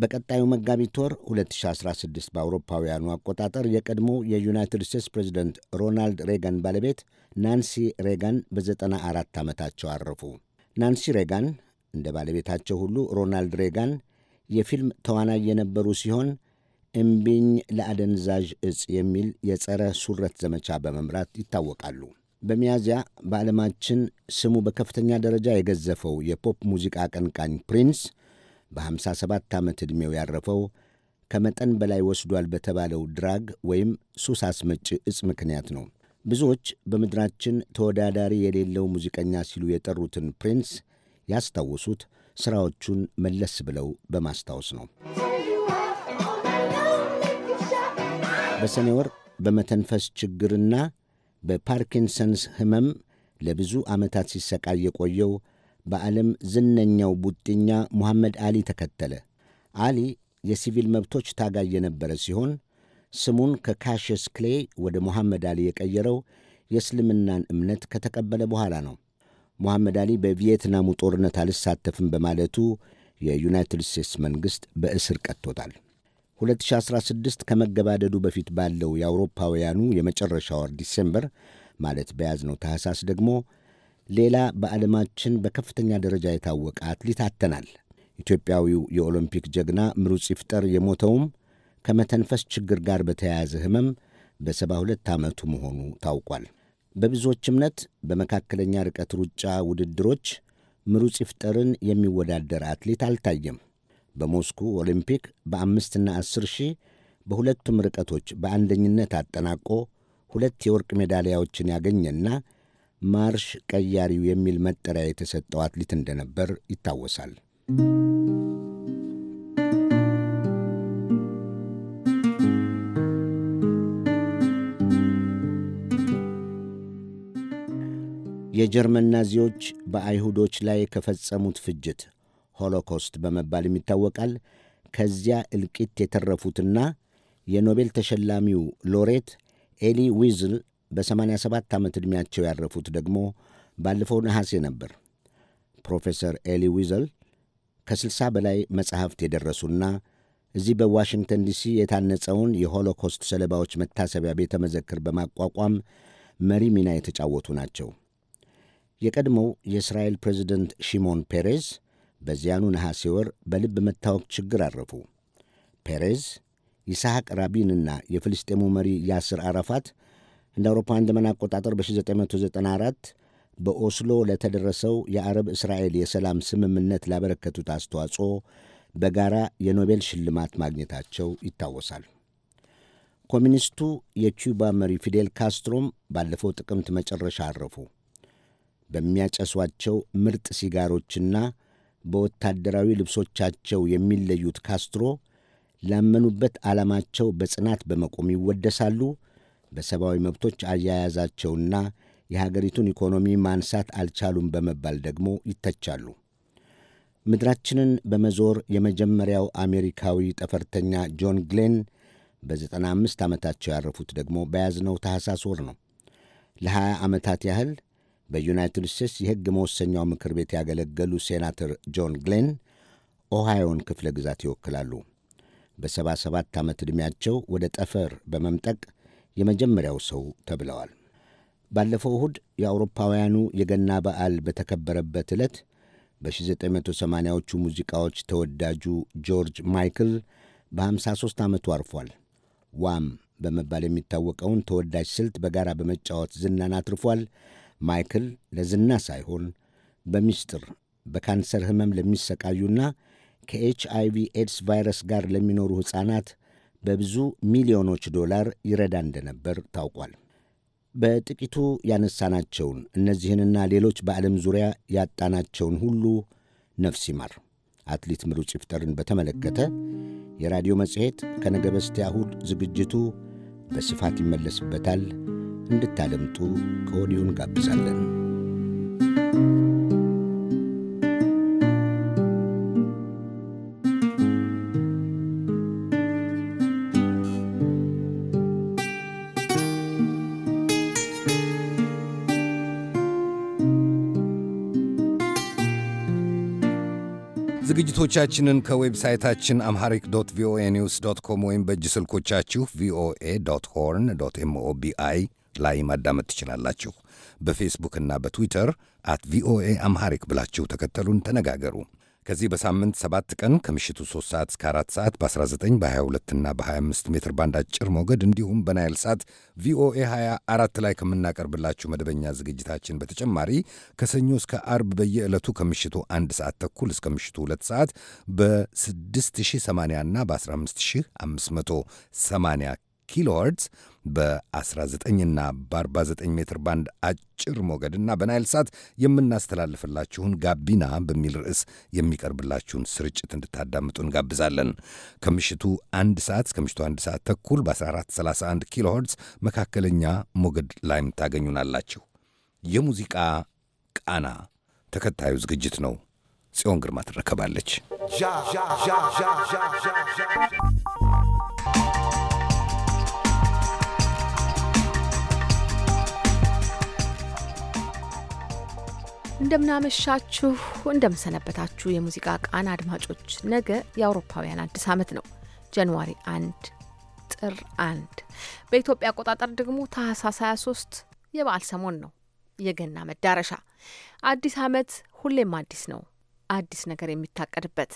በቀጣዩ መጋቢት ወር 2016 በአውሮፓውያኑ አቆጣጠር የቀድሞው የዩናይትድ ስቴትስ ፕሬዚደንት ሮናልድ ሬጋን ባለቤት ናንሲ ሬጋን በ94 ዓመታቸው አረፉ። ናንሲ ሬጋን እንደ ባለቤታቸው ሁሉ ሮናልድ ሬጋን የፊልም ተዋናይ የነበሩ ሲሆን እምቢኝ ለአደንዛዥ እጽ የሚል የጸረ ሱረት ዘመቻ በመምራት ይታወቃሉ። በሚያዚያ በዓለማችን ስሙ በከፍተኛ ደረጃ የገዘፈው የፖፕ ሙዚቃ አቀንቃኝ ፕሪንስ በ57 ዓመት ዕድሜው ያረፈው ከመጠን በላይ ወስዷል በተባለው ድራግ ወይም ሱስ አስመጪ እጽ ምክንያት ነው። ብዙዎች በምድራችን ተወዳዳሪ የሌለው ሙዚቀኛ ሲሉ የጠሩትን ፕሪንስ ያስታወሱት ሥራዎቹን መለስ ብለው በማስታወስ ነው። በሰኔ ወር በመተንፈስ ችግርና በፓርኪንሰንስ ህመም ለብዙ ዓመታት ሲሰቃይ የቆየው በዓለም ዝነኛው ቡጢኛ ሙሐመድ አሊ ተከተለ። አሊ የሲቪል መብቶች ታጋይ የነበረ ሲሆን ስሙን ከካሽስ ክሌይ ወደ ሙሐመድ አሊ የቀየረው የእስልምናን እምነት ከተቀበለ በኋላ ነው። ሙሐመድ አሊ በቪየትናሙ ጦርነት አልሳተፍም በማለቱ የዩናይትድ ስቴትስ መንግሥት በእስር ቀጥቶታል። 2016 ከመገባደዱ በፊት ባለው የአውሮፓውያኑ የመጨረሻ ወር ዲሴምበር ማለት በያዝነው ታህሳስ ደግሞ ሌላ በዓለማችን በከፍተኛ ደረጃ የታወቀ አትሌት አተናል። ኢትዮጵያዊው የኦሎምፒክ ጀግና ምሩጽ ይፍጠር የሞተውም ከመተንፈስ ችግር ጋር በተያያዘ ህመም በሰባ ሁለት ዓመቱ መሆኑ ታውቋል። በብዙዎች እምነት በመካከለኛ ርቀት ሩጫ ውድድሮች ምሩጽ ይፍጠርን የሚወዳደር አትሌት አልታየም። በሞስኩ ኦሊምፒክ በአምስትና አስር ሺህ በሁለቱም ርቀቶች በአንደኝነት አጠናቆ ሁለት የወርቅ ሜዳሊያዎችን ያገኘና ማርሽ ቀያሪው የሚል መጠሪያ የተሰጠው አትሌት እንደነበር ይታወሳል። የጀርመን ናዚዎች በአይሁዶች ላይ ከፈጸሙት ፍጅት ሆሎኮስት በመባልም ይታወቃል። ከዚያ እልቂት የተረፉትና የኖቤል ተሸላሚው ሎሬት ኤሊ ዊዝል በ87 ዓመት ዕድሜያቸው ያረፉት ደግሞ ባለፈው ነሐሴ ነበር። ፕሮፌሰር ኤሊ ዊዘል ከ60 በላይ መጻሕፍት የደረሱና እዚህ በዋሽንግተን ዲሲ የታነጸውን የሆሎኮስት ሰለባዎች መታሰቢያ ቤተ መዘክር በማቋቋም መሪ ሚና የተጫወቱ ናቸው። የቀድሞው የእስራኤል ፕሬዚደንት ሺሞን ፔሬዝ በዚያኑ ነሐሴ ወር በልብ መታወክ ችግር አረፉ። ፔሬዝ፣ ይስሐቅ ራቢንና የፍልስጤሙ መሪ ያስር አረፋት እንደ አውሮፓውያን ዘመን አቆጣጠር በ1994 በኦስሎ ለተደረሰው የአረብ እስራኤል የሰላም ስምምነት ላበረከቱት አስተዋጽኦ በጋራ የኖቤል ሽልማት ማግኘታቸው ይታወሳል። ኮሚኒስቱ የኪዩባ መሪ ፊዴል ካስትሮም ባለፈው ጥቅምት መጨረሻ አረፉ። በሚያጨሷቸው ምርጥ ሲጋሮችና በወታደራዊ ልብሶቻቸው የሚለዩት ካስትሮ ላመኑበት ዓላማቸው በጽናት በመቆም ይወደሳሉ። በሰብአዊ መብቶች አያያዛቸውና የሀገሪቱን ኢኮኖሚ ማንሳት አልቻሉም በመባል ደግሞ ይተቻሉ። ምድራችንን በመዞር የመጀመሪያው አሜሪካዊ ጠፈርተኛ ጆን ግሌን በዘጠና 95 ዓመታቸው ያረፉት ደግሞ በያዝነው ታህሳስ ወር ነው። ለ20 ዓመታት ያህል በዩናይትድ ስቴትስ የሕግ መወሰኛው ምክር ቤት ያገለገሉ ሴናተር ጆን ግሌን ኦሃዮን ክፍለ ግዛት ይወክላሉ። በ77 ዓመት ዕድሜያቸው ወደ ጠፈር በመምጠቅ የመጀመሪያው ሰው ተብለዋል። ባለፈው እሁድ የአውሮፓውያኑ የገና በዓል በተከበረበት ዕለት በ1980ዎቹ ሙዚቃዎች ተወዳጁ ጆርጅ ማይክል በ53 ዓመቱ አርፏል። ዋም በመባል የሚታወቀውን ተወዳጅ ስልት በጋራ በመጫወት ዝናን አትርፏል። ማይክል ለዝና ሳይሆን በሚስጥር በካንሰር ህመም ለሚሰቃዩና ከኤች ቪ ኤድስ ቫይረስ ጋር ለሚኖሩ ሕፃናት በብዙ ሚሊዮኖች ዶላር ይረዳ እንደነበር ታውቋል። በጥቂቱ ያነሳናቸውን እነዚህንና ሌሎች በዓለም ዙሪያ ያጣናቸውን ሁሉ ነፍስ ይማር አትሌት ምሩጽ ይፍጠርን በተመለከተ የራዲዮ መጽሔት ከነገ በስቲያ እሁድ ዝግጅቱ በስፋት ይመለስበታል። እንድታደምጡ ከወዲሁ ጋብዛለን። ዝግጅቶቻችንን ከዌብሳይታችን አምሃሪክ ዶት ቪኦኤ ኒውስ ዶት ኮም ወይም በእጅ ስልኮቻችሁ ቪኦኤ ዶት ሆርን ዶት ኤምኦቢአይ ላይ ማዳመጥ ትችላላችሁ። በፌስቡክና በትዊተር አት ቪኦኤ አምሃሪክ ብላችሁ ተከተሉን፣ ተነጋገሩ። ከዚህ በሳምንት ሰባት ቀን ከምሽቱ 3 ሰዓት እስከ 4 ሰዓት በ19 በ22 ና በ25 ሜትር ባንድ አጭር ሞገድ እንዲሁም በናይል ሳት ቪኦኤ 24 ላይ ከምናቀርብላችሁ መደበኛ ዝግጅታችን በተጨማሪ ከሰኞ እስከ አርብ በየዕለቱ ከምሽቱ 1 ሰዓት ተኩል እስከ ምሽቱ 2 ሰዓት በ6080 እና በ15580 ኪሎሄርዝ በ19ና በ49 ሜትር ባንድ አጭር ሞገድና በናይል ሳት የምናስተላልፍላችሁን ጋቢና በሚል ርዕስ የሚቀርብላችሁን ስርጭት እንድታዳምጡ እንጋብዛለን። ከምሽቱ አንድ ሰዓት እስከ ምሽቱ አንድ ሰዓት ተኩል በ1431 ኪሎሄርዝ መካከለኛ ሞገድ ላይም ታገኙናላችሁ። የሙዚቃ ቃና ተከታዩ ዝግጅት ነው። ጽዮን ግርማ ትረከባለች። እንደምናመሻችሁ፣ እንደምሰነበታችሁ የሙዚቃ ቃና አድማጮች። ነገ የአውሮፓውያን አዲስ ዓመት ነው። ጃንዋሪ አንድ ጥር አንድ በኢትዮጵያ አቆጣጠር ደግሞ ታህሳስ 23 የበዓል ሰሞን ነው። የገና መዳረሻ አዲስ ዓመት ሁሌም አዲስ ነው። አዲስ ነገር የሚታቀድበት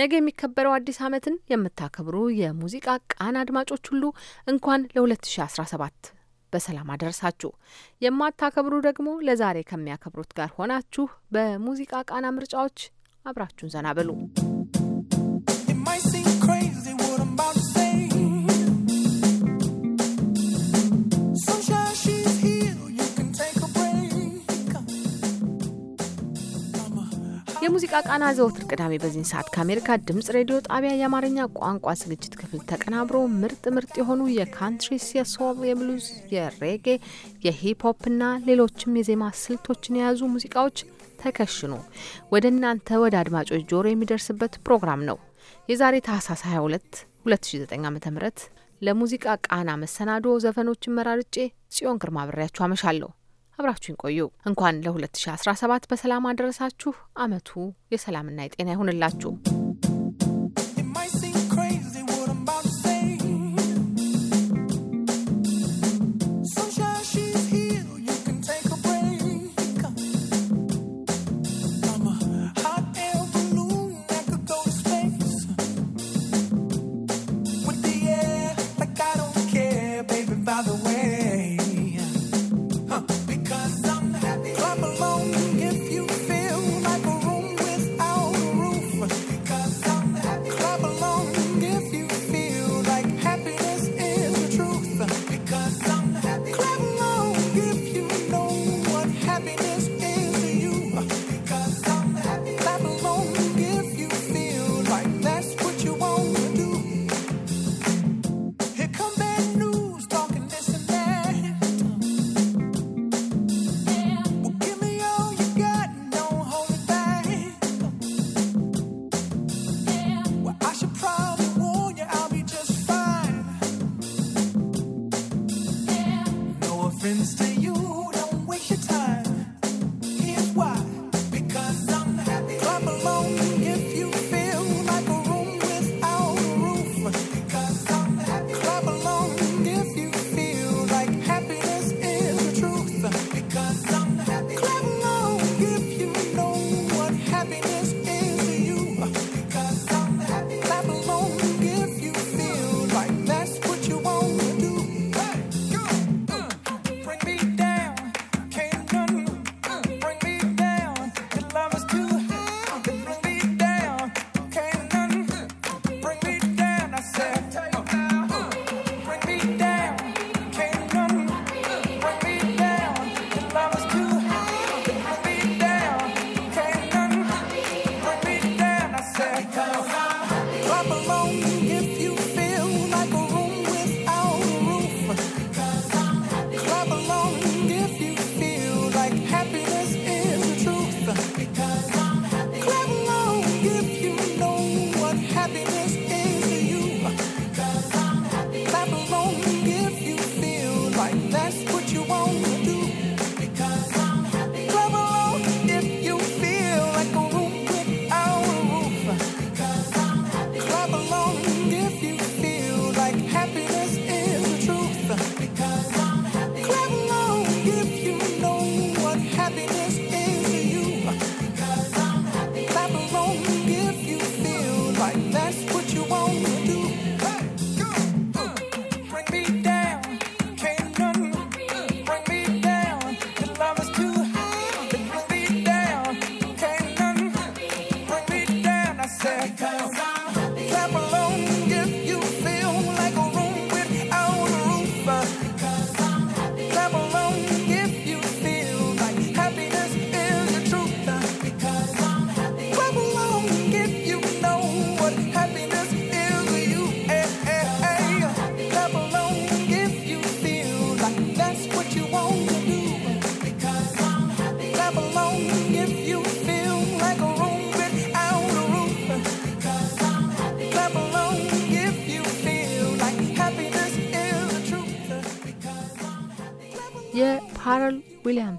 ነገ የሚከበረው አዲስ ዓመትን የምታከብሩ የሙዚቃ ቃና አድማጮች ሁሉ እንኳን ለ2017 በሰላም አደረሳችሁ። የማታከብሩ ደግሞ ለዛሬ ከሚያከብሩት ጋር ሆናችሁ በሙዚቃ ቃና ምርጫዎች አብራችሁን ዘና በሉ። የሙዚቃ ቃና ዘወትር ቅዳሜ በዚህን ሰዓት ከአሜሪካ ድምጽ ሬዲዮ ጣቢያ የአማርኛ ቋንቋ ዝግጅት ክፍል ተቀናብሮ ምርጥ ምርጥ የሆኑ የካንትሪስ፣ የሶል፣ የብሉዝ፣ የሬጌ፣ የሂፕሆፕ እና ሌሎችም የዜማ ስልቶችን የያዙ ሙዚቃዎች ተከሽኖ ወደ እናንተ ወደ አድማጮች ጆሮ የሚደርስበት ፕሮግራም ነው። የዛሬ ታህሳስ 22 2009 ዓ ም ለሙዚቃ ቃና መሰናዶ ዘፈኖችን መራርጬ ጽዮን ግርማ ብሬያችሁ አመሻለሁ። አብራችሁን ቆዩ። እንኳን ለ2017 በሰላም አደረሳችሁ። አመቱ የሰላምና የጤና ይሁንላችሁ።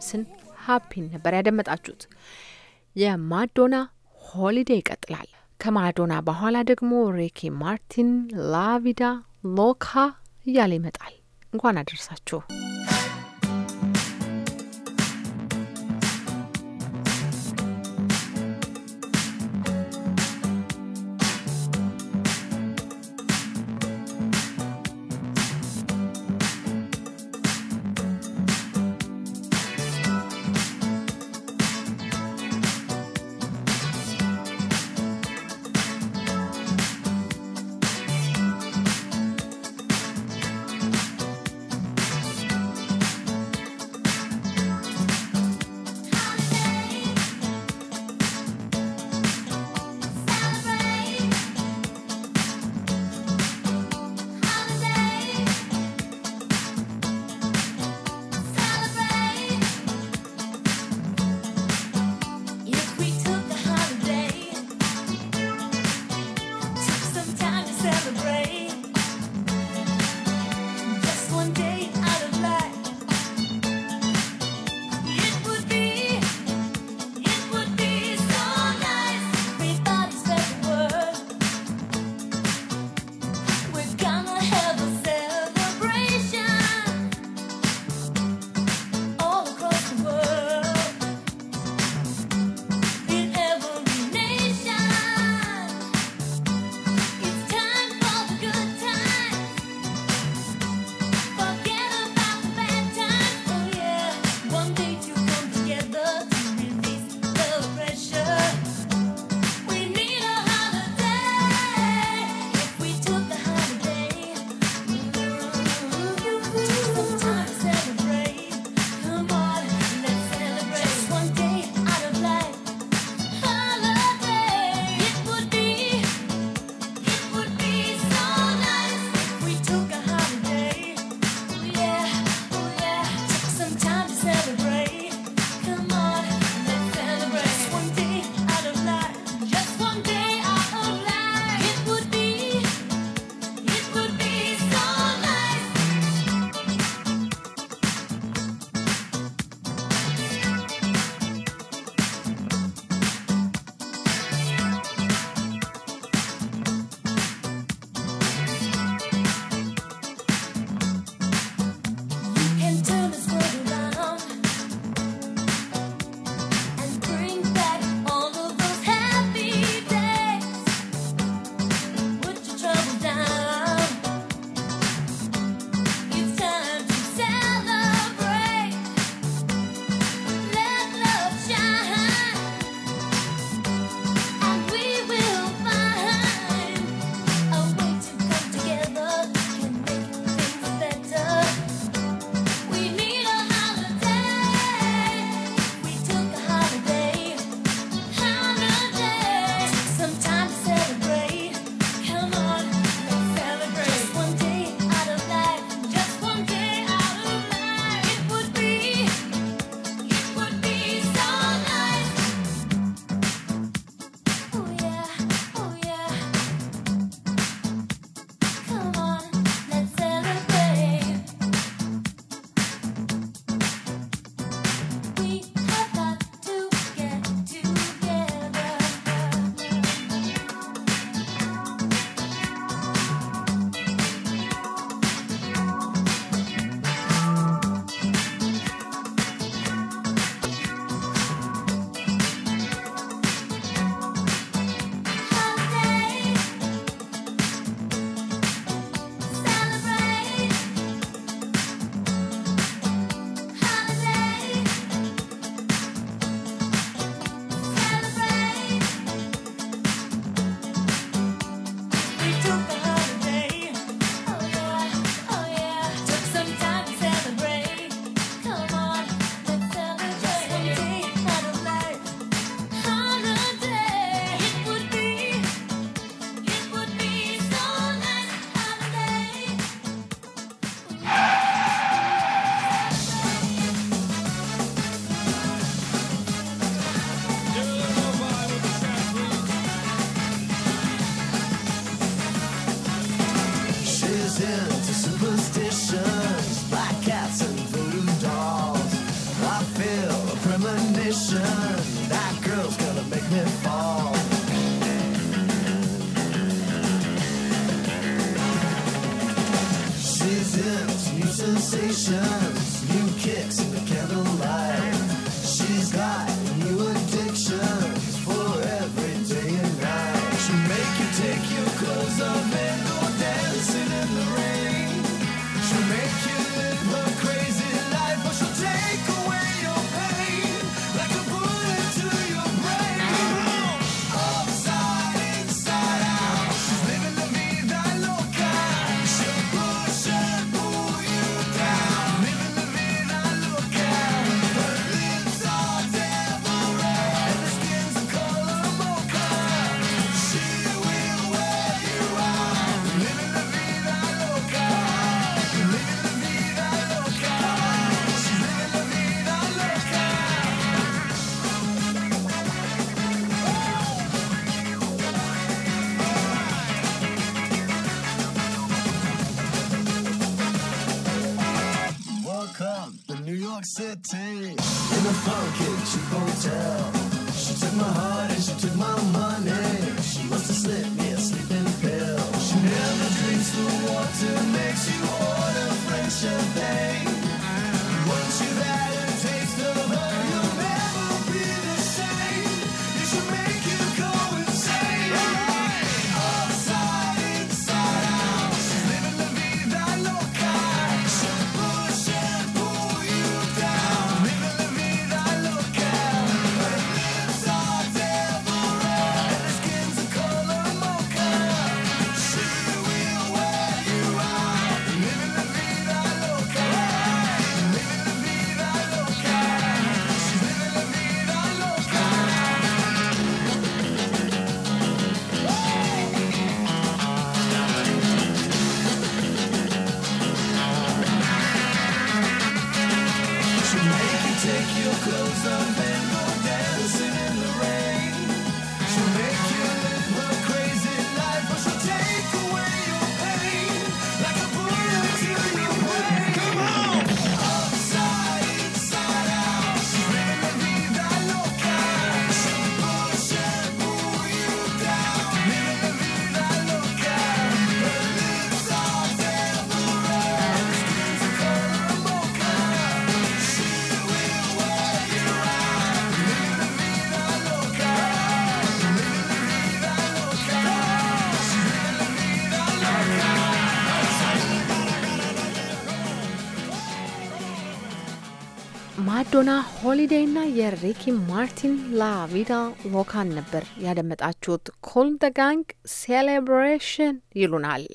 ጄምስን ሀፒን ነበር ያደመጣችሁት። የማዶና ሆሊዴ ይቀጥላል። ከማዶና በኋላ ደግሞ ሬኪ ማርቲን ላቪዳ ሎካ እያለ ይመጣል። እንኳን አደርሳችሁ። የማዶና ሆሊዴይ ና የሪኪ ማርቲን ላቪዳ ሎካን ነበር ያደመጣችሁት። ኮልደጋንግ ሴሌብሬሽን ይሉናል።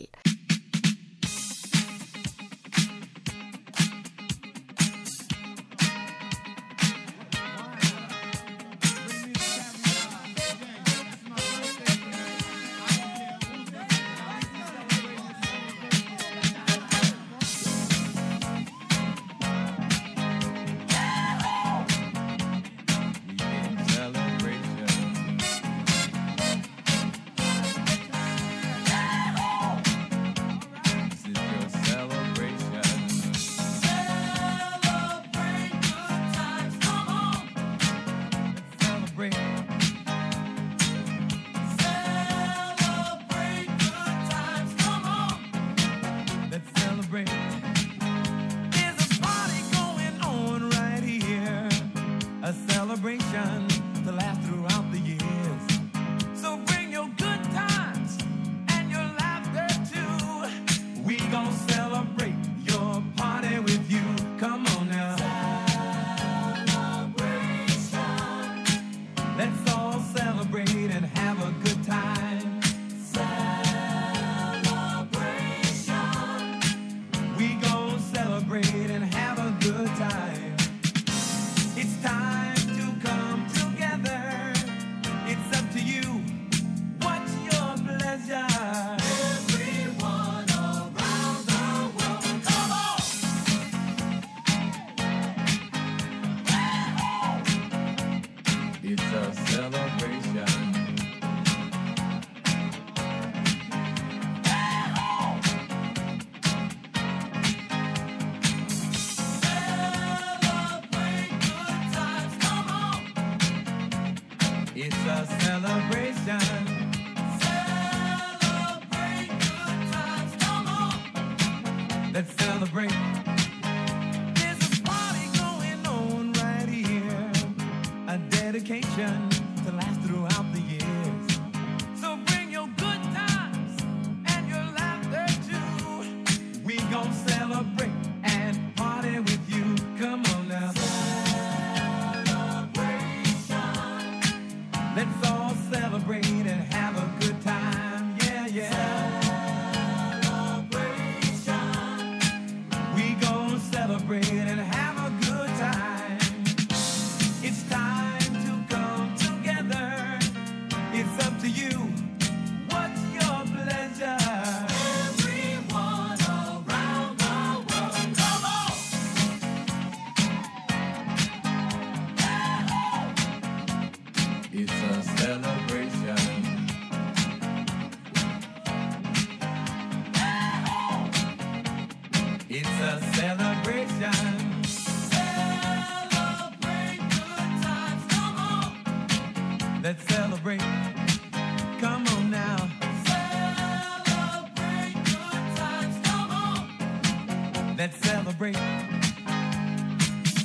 break.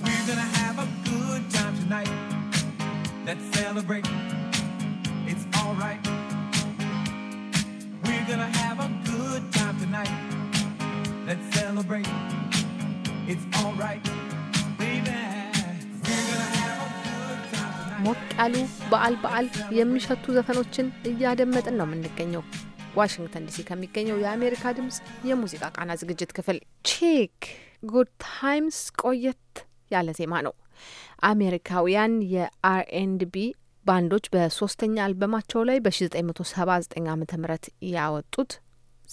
We're gonna have a good time tonight. Let's celebrate. It's alright. We're gonna have a good time tonight. Let's celebrate. It's alright. ሞቅ ያሉ በዓል በዓል የሚሸቱ ዘፈኖችን እያደመጥን ነው የምንገኘው። ዋሽንግተን ዲሲ ከሚገኘው የአሜሪካ ድምጽ የሙዚቃ ቃና ዝግጅት ክፍል ቼክ ጉድ ታይምስ ቆየት ያለ ዜማ ነው። አሜሪካውያን የአርኤንድቢ ባንዶች በሶስተኛ አልበማቸው ላይ በ1979 ዓ ም ያወጡት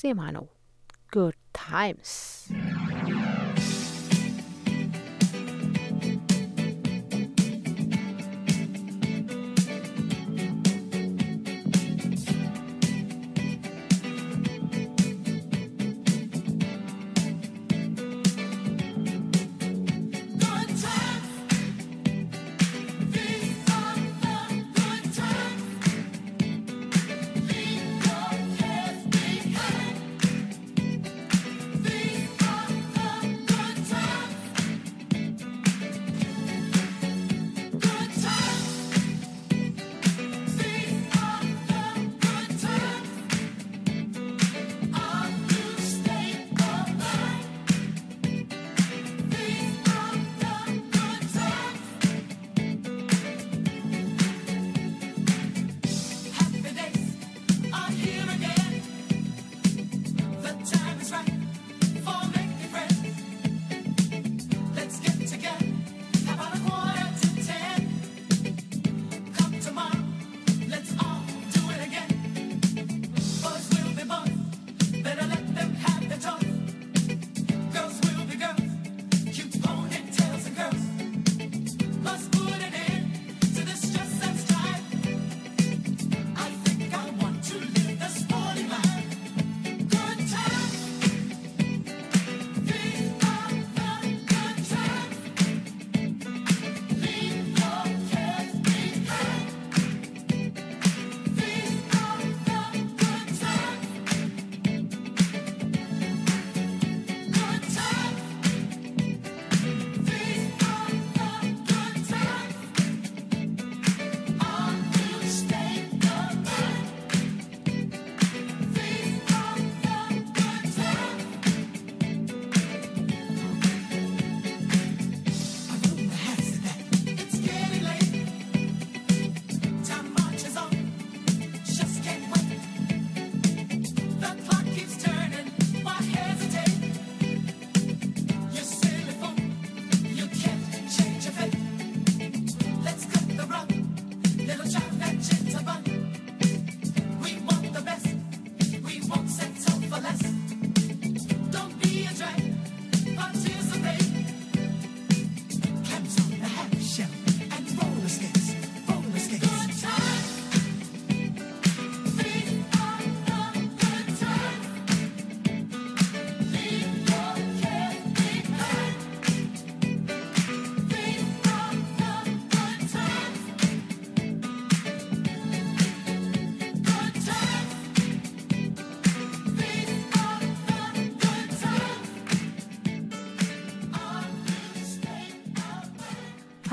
ዜማ ነው። ጉድ ታይምስ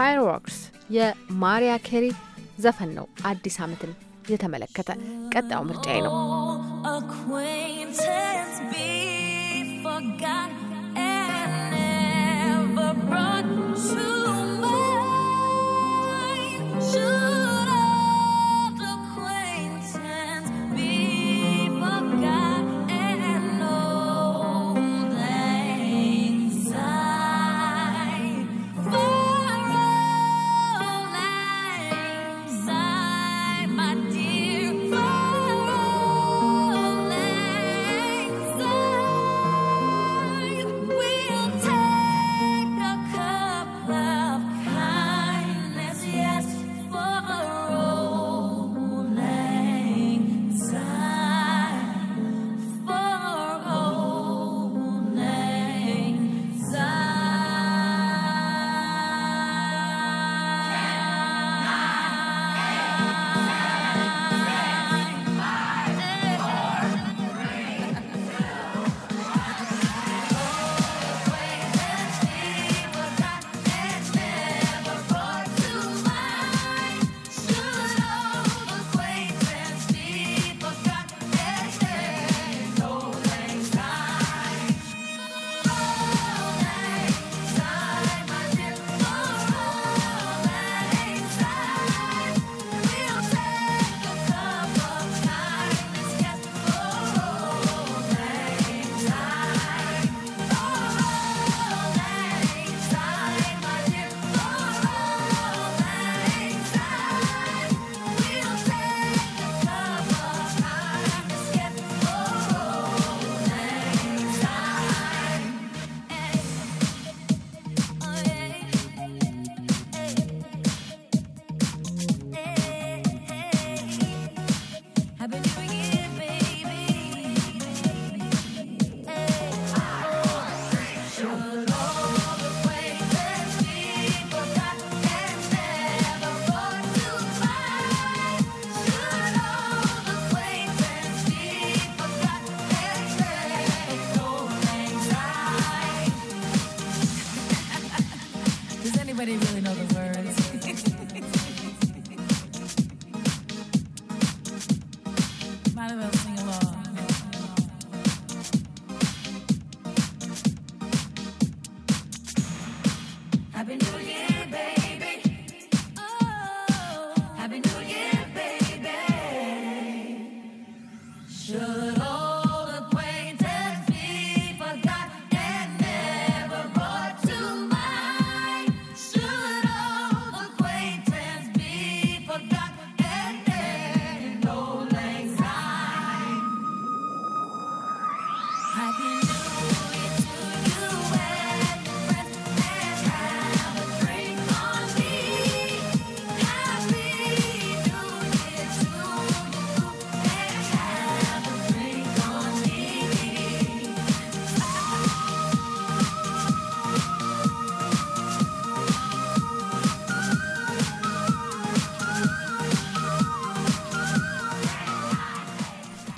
ፋየርወርክስ የማሪያ ኬሪ ዘፈን ነው። አዲስ ዓመትን የተመለከተ ቀጣዩ ምርጫዬ ነው። Should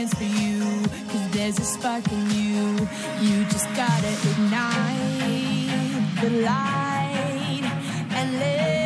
chance for you. Cause there's a spark in you. You just gotta ignite the light and let.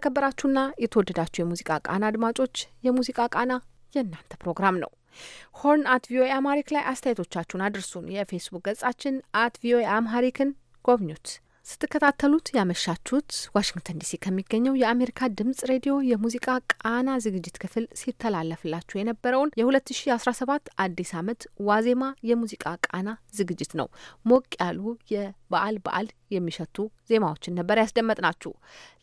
የተከበራችሁና የተወደዳችሁ የሙዚቃ ቃና አድማጮች የሙዚቃ ቃና የእናንተ ፕሮግራም ነው። ሆርን አት ቪኦኤ አማሪክ ላይ አስተያየቶቻችሁን አድርሱን። የፌስቡክ ገጻችን አት ቪኦኤ አምሃሪክን ጎብኙት። ስትከታተሉት ያመሻችሁት ዋሽንግተን ዲሲ ከሚገኘው የአሜሪካ ድምጽ ሬዲዮ የሙዚቃ ቃና ዝግጅት ክፍል ሲተላለፍላችሁ የነበረውን የ2017 አዲስ ዓመት ዋዜማ የሙዚቃ ቃና ዝግጅት ነው። ሞቅ ያሉ የበዓል በዓል የሚሸቱ ዜማዎችን ነበር ያስደመጥናችሁ።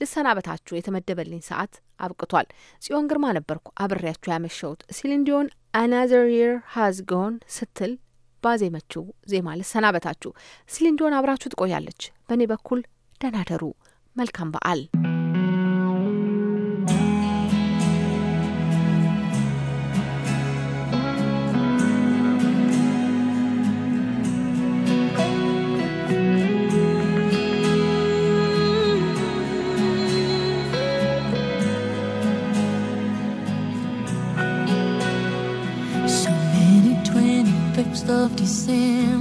ልሰናበታችሁ። የተመደበልኝ ሰዓት አብቅቷል። ጽዮን ግርማ ነበርኩ አብሬያችሁ ያመሸሁት። ሲሊንዲዮን አናዘር የር ሃዝ ጎን ስትል ባዜመችው ዜማ ልሰናበታችሁ። ሲሊንዶን አብራችሁ ትቆያለች። በእኔ በኩል ደናደሩ መልካም በዓል sin.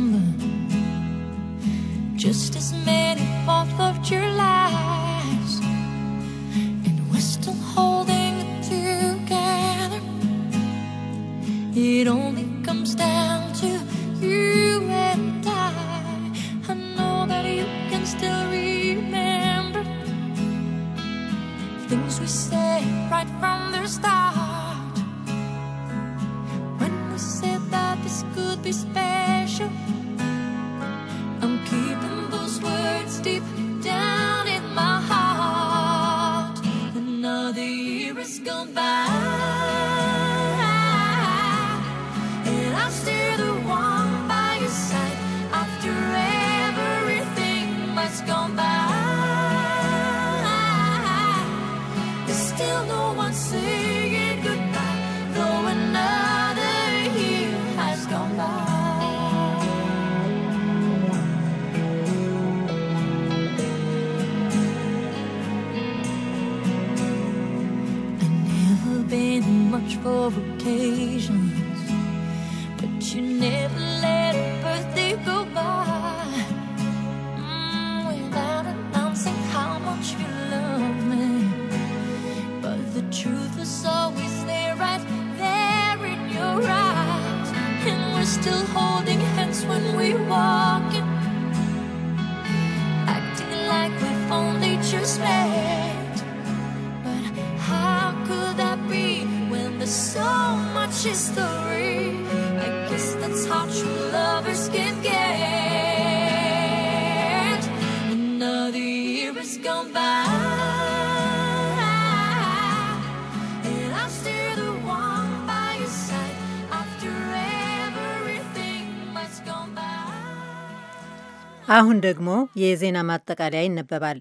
አሁን ደግሞ የዜና ማጠቃለያ ይነበባል።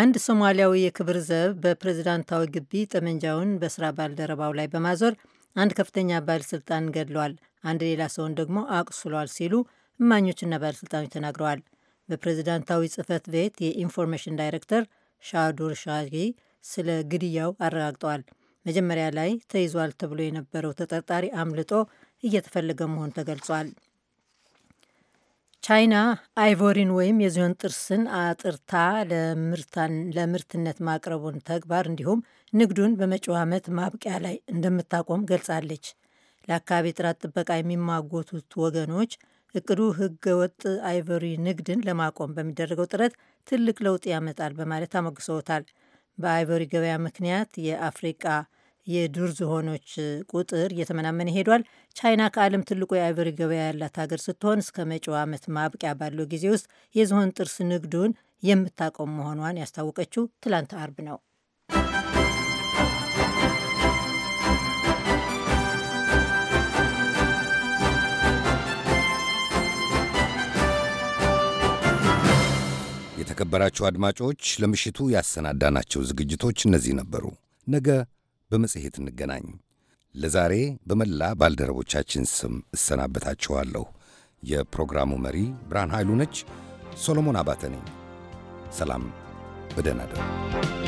አንድ ሶማሊያዊ የክብር ዘብ በፕሬዝዳንታዊ ግቢ ጠመንጃውን በስራ ባልደረባው ላይ በማዞር አንድ ከፍተኛ ባለሥልጣን ገድሏል፣ አንድ ሌላ ሰውን ደግሞ አቁስሏል ሲሉ እማኞችና ባለሥልጣኖች ተናግረዋል። በፕሬዝዳንታዊ ጽህፈት ቤት የኢንፎርሜሽን ዳይሬክተር ሻዱር ሻጊ ስለ ግድያው አረጋግጠዋል። መጀመሪያ ላይ ተይዟል ተብሎ የነበረው ተጠርጣሪ አምልጦ እየተፈለገ መሆኑ ተገልጿል። ቻይና አይቮሪን ወይም የዝሆን ጥርስን አጥርታ ለምርትነት ማቅረቡን ተግባር እንዲሁም ንግዱን በመጪው ዓመት ማብቂያ ላይ እንደምታቆም ገልጻለች። ለአካባቢ ጥራት ጥበቃ የሚማጎቱት ወገኖች እቅዱ ወጥ አይቮሪ ንግድን ለማቆም በሚደረገው ጥረት ትልቅ ለውጥ ያመጣል በማለት አሞግሰውታል። በአይቮሪ ገበያ ምክንያት የአፍሪቃ የዱር ዝሆኖች ቁጥር እየተመናመነ ሄዷል። ቻይና ከዓለም ትልቁ የአይቨሪ ገበያ ያላት ሀገር ስትሆን እስከ መጪው ዓመት ማብቂያ ባለው ጊዜ ውስጥ የዝሆን ጥርስ ንግዱን የምታቆም መሆኗን ያስታወቀችው ትላንት አርብ ነው። የተከበራችሁ አድማጮች ለምሽቱ ያሰናዳናቸው ዝግጅቶች እነዚህ ነበሩ። ነገ በመጽሔት እንገናኝ። ለዛሬ በመላ ባልደረቦቻችን ስም እሰናበታችኋለሁ። የፕሮግራሙ መሪ ብርሃን ኃይሉ ነች። ሶሎሞን አባተ ነኝ። ሰላም፣ በደህና እደሩ።